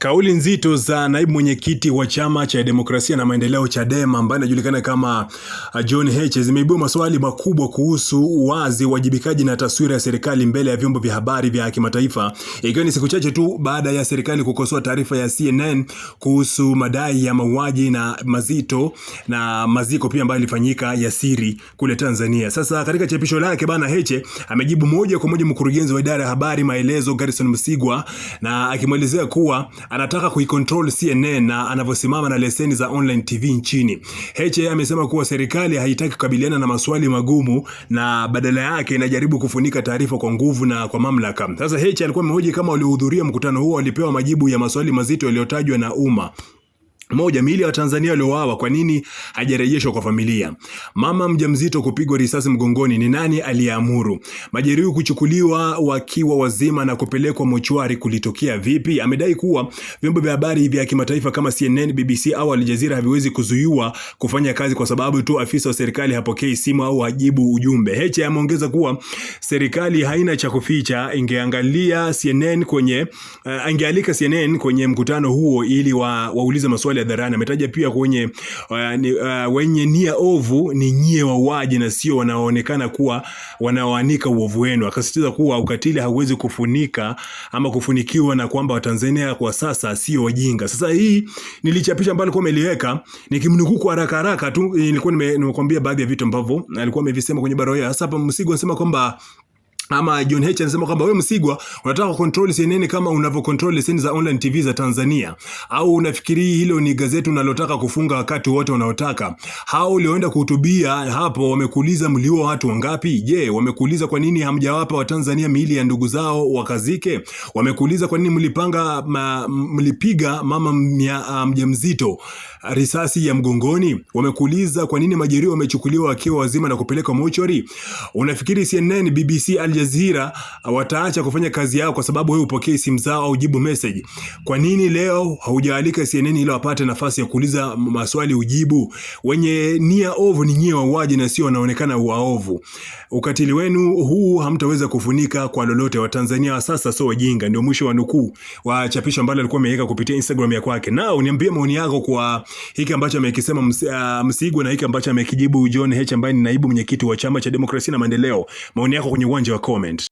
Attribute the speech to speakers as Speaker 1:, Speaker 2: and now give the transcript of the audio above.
Speaker 1: Kauli nzito za naibu mwenyekiti wa chama cha demokrasia na maendeleo Chadema ambaye anajulikana kama uh, John Heche zimeibua maswali makubwa kuhusu uwazi, uwajibikaji na taswira ya serikali mbele ya vyombo vya habari vya kimataifa, ikiwa ni siku chache tu baada ya serikali kukosoa taarifa ya CNN kuhusu madai ya mauaji na mazito na maziko pia ambayo ilifanyika ya siri kule Tanzania. Sasa katika chapisho lake bana, Heche amejibu moja kwa moja mkurugenzi wa idara ya habari maelezo Garrison Msigwa na akimwelezea kuwa anataka kuikontrol CNN na anavyosimama na leseni za online TV nchini. HA amesema kuwa serikali haitaki kukabiliana na maswali magumu na badala yake inajaribu kufunika taarifa kwa nguvu na kwa mamlaka. Sasa Heche alikuwa amehoji kama waliohudhuria mkutano huo walipewa majibu ya maswali mazito yaliyotajwa na umma. Moja, miili ya Watanzania waliouawa kwa nini hajarejeshwa kwa familia? Mama mjamzito kupigwa risasi mgongoni, ni nani aliyeamuru? Majeruhi kuchukuliwa wakiwa wazima na kupelekwa mochwari, kulitokea vipi? Amedai kuwa vyombo vya habari vya kimataifa kama CNN, BBC au Al Jazeera haviwezi kuzuiwa kufanya kazi kwa sababu tu afisa wa serikali hapokei simu au hajibu ujumbe. Heche ameongeza kuwa serikali haina cha kuficha, ingeangalia CNN kwenye uh, angealika CNN kwenye mkutano huo ili wa, waulize maswali hadharani. Ametaja pia kwenye uh, ni, uh, wenye nia ovu ni nyie wauaji na sio wanaoonekana kuwa wanaoanika uovu wenu. Akasisitiza kuwa ukatili hauwezi kufunika ama kufunikiwa na kwamba Watanzania kwa sasa sio wajinga. Sasa hii nilichapisha ambayo alikuwa ameliweka nikimnukuu kwa haraka haraka tu, nilikuwa nimekuambia baadhi ya vitu ambavyo alikuwa amevisema kwenye barua. Hasa hapa Msigwa anasema kwamba ama John H anasema kwamba wewe Msigwa unataka control CNN kama unavyo control leseni za online TV za Tanzania, au unafikiri hilo ni gazeti unalotaka kufunga wakati wote unaotaka? Hao ulioenda kuhutubia hapo wamekuuliza mlio watu wangapi? Je, wamekuuliza kwa nini hamjawapa Watanzania miili ya ndugu zao wakazike? Wamekuuliza kwa nini mlipanga ma, mlipiga mama ah, mjamzito risasi ya mgongoni? Wamekuuliza kwa nini majeruhi wamechukuliwa wakiwa wazima na kupelekwa mochori? Unafikiri CNN, BBC, Al Jazeera ah, wataacha kufanya kazi yao kwa sababu wewe upokee simu zao au jibu message. Kwa nini leo haujaalika CNN ili wapate nafasi ya kuuliza maswali ujibu? Wenye nia ovu ni nyie wauaji na sio wanaonekana waovu. Ukatili wenu huu hamtaweza kufunika kwa lolote. Watanzania wa sasa sio wajinga. Ndio mwisho wa nukuu wa chapisho ambalo alikuwa ameweka kupitia Instagram ya kwake. Na uniambie maoni yako kwa hiki ambacho amekisema ah, Msigwa na hiki ambacho amekijibu John H ambaye ni naibu mwenyekiti wa Chama cha Demokrasia na Maendeleo. Maoni yako kwenye uwanja wa comment.